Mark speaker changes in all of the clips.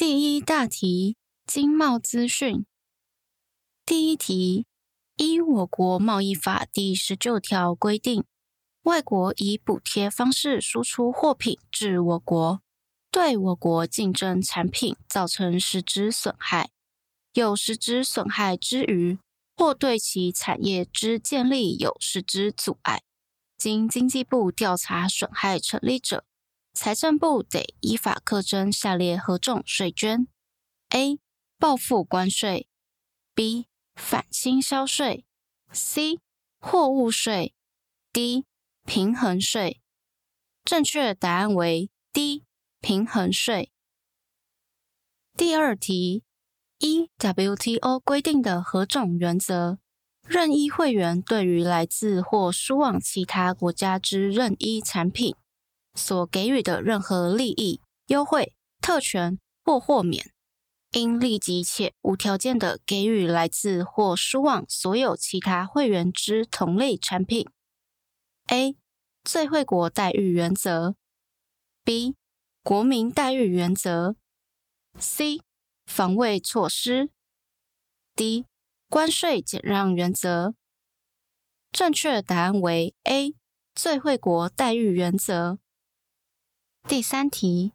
Speaker 1: 第一大題，經貿資訊。第一題，依我國貿易法第十九條規定，外國以補貼方式輸出貨品至我國，對我國競爭產品造成實質損害，有實質損害之虞，或對其產業之建立有實質阻礙，經經濟部調查，損害成立者，財政部得依法課徵下列何種稅捐？A. 報復關稅 B. 反傾銷稅 C. 貨物稅 D. 平衡稅。正確答案為 D. 平衡稅。第二題：一、E、WTO 規定的何種原則？任一會員對於來自或輸往其他國家之任一產品。所給予的任何利益、優惠、特權或豁免，應立即且無條件地給予來自或輸往所有其他會員之同類產品。A. 最惠國待遇原則；B. 國民待遇原則；C. 防衛措施；D. 關稅減讓原則。正確答案為 A. 最惠國待遇原則。第三題，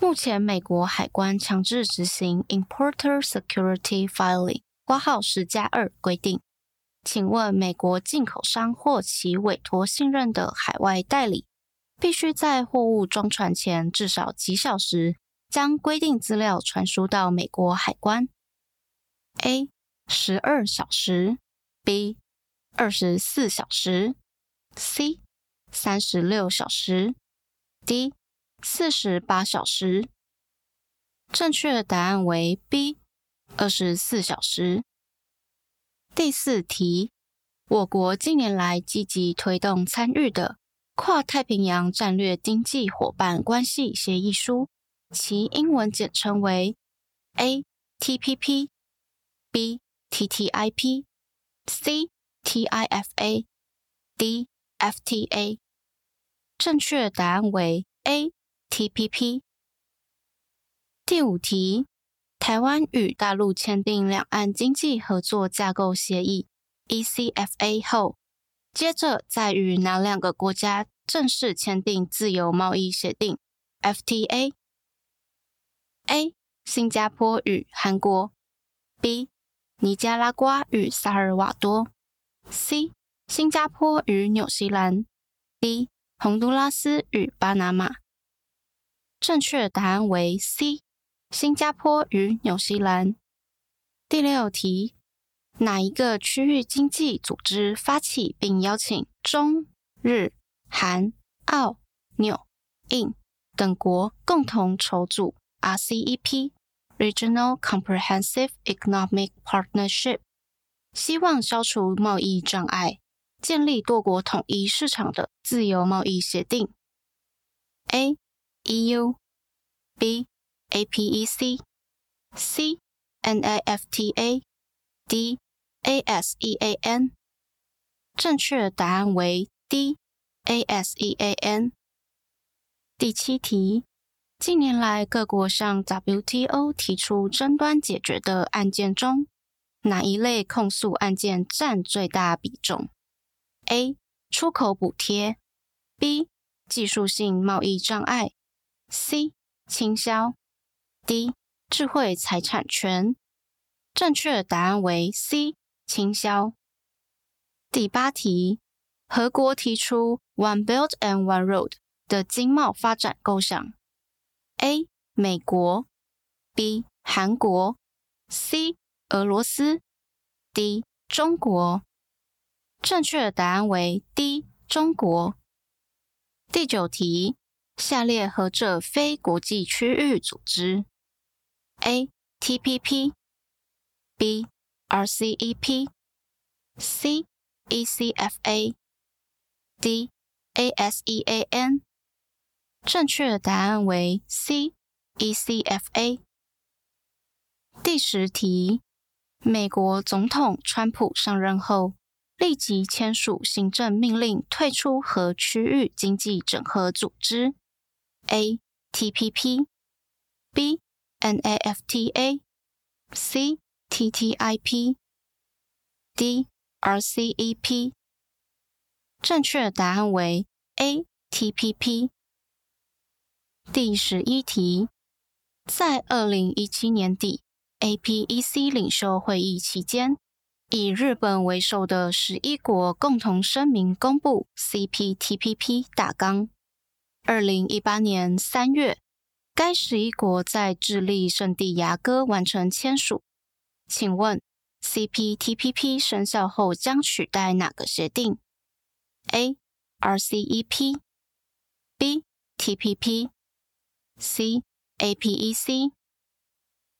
Speaker 1: 目前美國海關強制執行 Importer Security Filing（ 括號十加二） 2, 規定。請問美國進口商或其委託信任的海外代理，必須在貨物裝船前至少幾小時將規定資料傳輸到美國海關？A. 十二小時 B. 二十四小時 C. 三十六小時 D. 四十八小時，正確的答案為 B，二十四小時。第四題，我國近年來積極推動參與的跨太平洋戰略經濟夥伴關係協議書，其英文簡稱為 A、TPP、B、TTIP、C、TIFA、D、FTA。正確答案為 A。T P P。第五題：台灣與大陸簽訂兩岸經濟合作架構協議 （E C F A） 後，接着再與哪兩個國家正式簽訂自由貿易協定 （F T A）？A. 新加坡與韓國；B. 尼加拉瓜與薩爾瓦多；C. 新加坡與紐西蘭；D. 宏都拉斯與巴拿馬。正確答案為 C，新加坡與紐西蘭。第六題，哪一個區域經濟組織發起並邀請中、日、韓、澳、紐、印等國共同籌組 RCEP（Regional Comprehensive Economic Partnership），希望消除貿易障礙，建立多國統一市場的自由貿易協定？A，EU, B APEC, C NAFTA, D ASEAN。正確答案為 D ASEAN。第七題：近年來，各國向 WTO 提出爭端解決的案件中，哪一類控訴案件占最大比重？A. 出口補貼 B. 技術性貿易障礙 C 傾銷，D 智慧財產權，正確的答案為 C 傾銷。第八題，何國提出 One Belt and One Road 的經貿發展構想？A 美國，B 韓國，C 俄羅斯，D 中國。正確的答案為 D 中國。第九題。下列何者非國際區域組織：A、TPP、B、RCEP、C、ECFA、D、ASEAN。正確的答案為 C、ECFA。第十題：美國總統川普上任後，立即簽署行政命令退出和區域經濟整合組織。A TPP B NAFTA C TTIP D RCEP 正確答案為 A TPP。第十一題，在二零一七年底 APEC 領袖會議期間，以日本為首的十一國共同聲明公布 CPTPP 大綱。二零一八年三月，該十一國在智利聖地牙哥完成簽署。請問，CPTPP 生效後將取代哪個協定？A. RCEP B. TPP C. APEC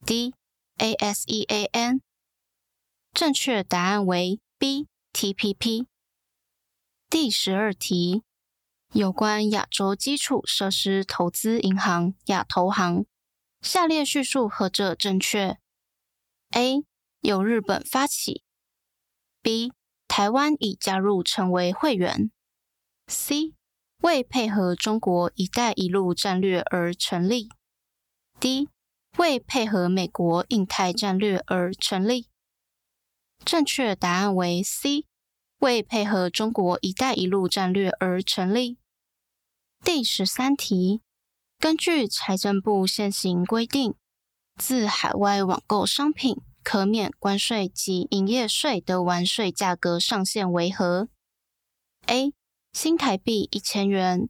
Speaker 1: D. ASEAN 正確答案為 B. TPP。第十二題。有關亞洲基礎設施投資銀行（亞投行），下列敘述何者正確？A. 由日本發起；B. 台灣已加入成為會員；C. 為配合中國“一帶一路”戰略而成立；D. 為配合美國印太戰略而成立。正確答案為 C。為配合中國“一帶一路”戰略而成立。第十三題，根據財政部現行規定，自海外網購商品可免關稅及營業稅的完稅價格上限為何？A. 新台幣一千元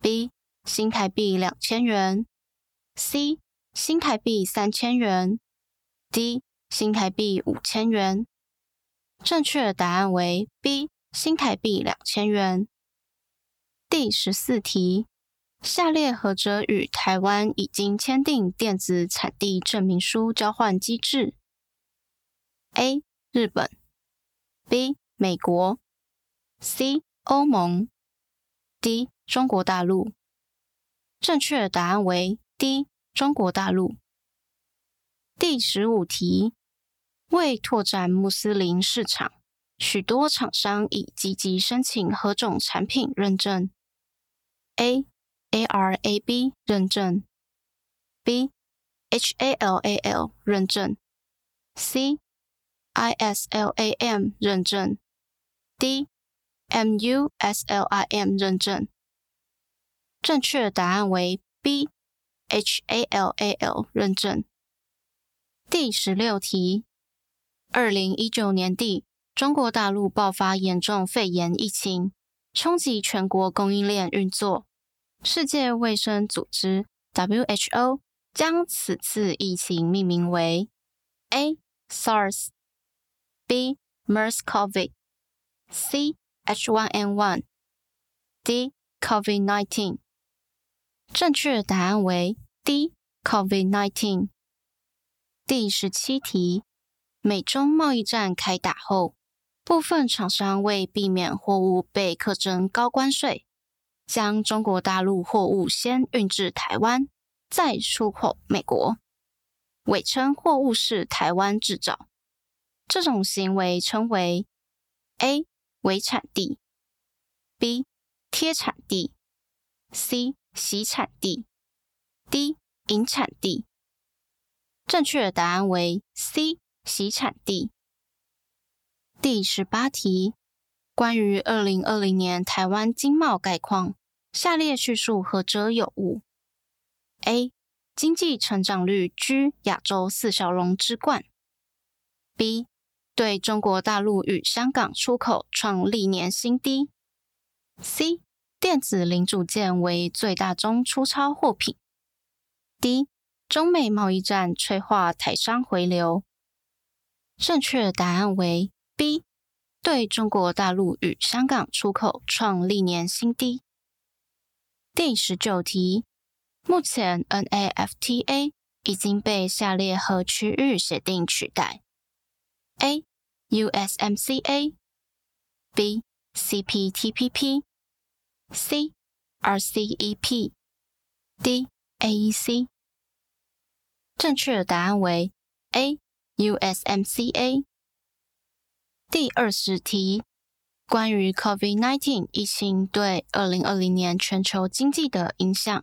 Speaker 1: B. 新台幣兩千元 C. 新台幣三千元 D. 新台幣五千元正確的答案為 B 新台幣兩千元。第十四題，下列何者與台灣已經簽訂電子產地證明書交換機制？A 日本 B 美國 C 歐盟 D 中國大陸。正確的答案為 D 中國大陸。第十五題。為拓展穆斯林市場，許多廠商已積極申請何種產品認證？A. Arab 認證，B. Halal 認證，C. Islam 認證，D. Muslim 認證。正確答案為 B. Halal 認證。第十六題。二零一九年底，中國大陸爆發嚴重肺炎疫情，衝擊全國供應鏈運作。世界衛生組織 （WHO） 將此次疫情命名為 A. SARS B. MERS-CoV、C. H1N1、D. COVID-19。正確答案為 D. COVID-19。第十七題。美中貿易戰開打後，部分廠商為避免貨物被課徵高關稅，將中國大陸貨物先運至台灣，再出口美國，偽稱貨物是台灣製造。這種行為稱為：A. 偽產地，B. 貼產地，C. 洗產地，D. 引產地。正確的答案為 C。洗產地。第十八題，關於二零二零年台灣經貿概況，下列敘述何者有誤？A. 經濟成長率居亞洲四小龍之冠。B. 對中國大陸與香港出口創歷年新低。C. 電子零組件為最大宗出超貨品。D. 中美貿易戰催化台商回流。正確的答案為 B，對中國大陸與香港出口創歷年新低。第十九題，目前 NAFTA 已經被下列何區域協定取代？A.USMCA，B.CPTPP，C.RCEP，D.AEC。正確的答案為 A。USMCA 第二十題，關於 COVID-19 疫情對二零二零年全球經濟的影響，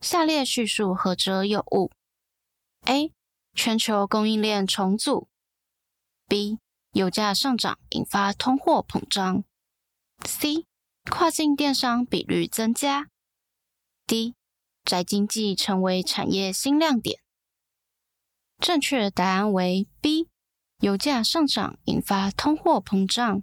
Speaker 1: 下列敘述何者有誤？A. 全球供應鏈重組 B. 油價上漲引發通貨膨脹 C. 跨境電商比率增加 D. 宅經濟成為產業新亮點。正確答案為 B，油價上漲引發通貨膨脹。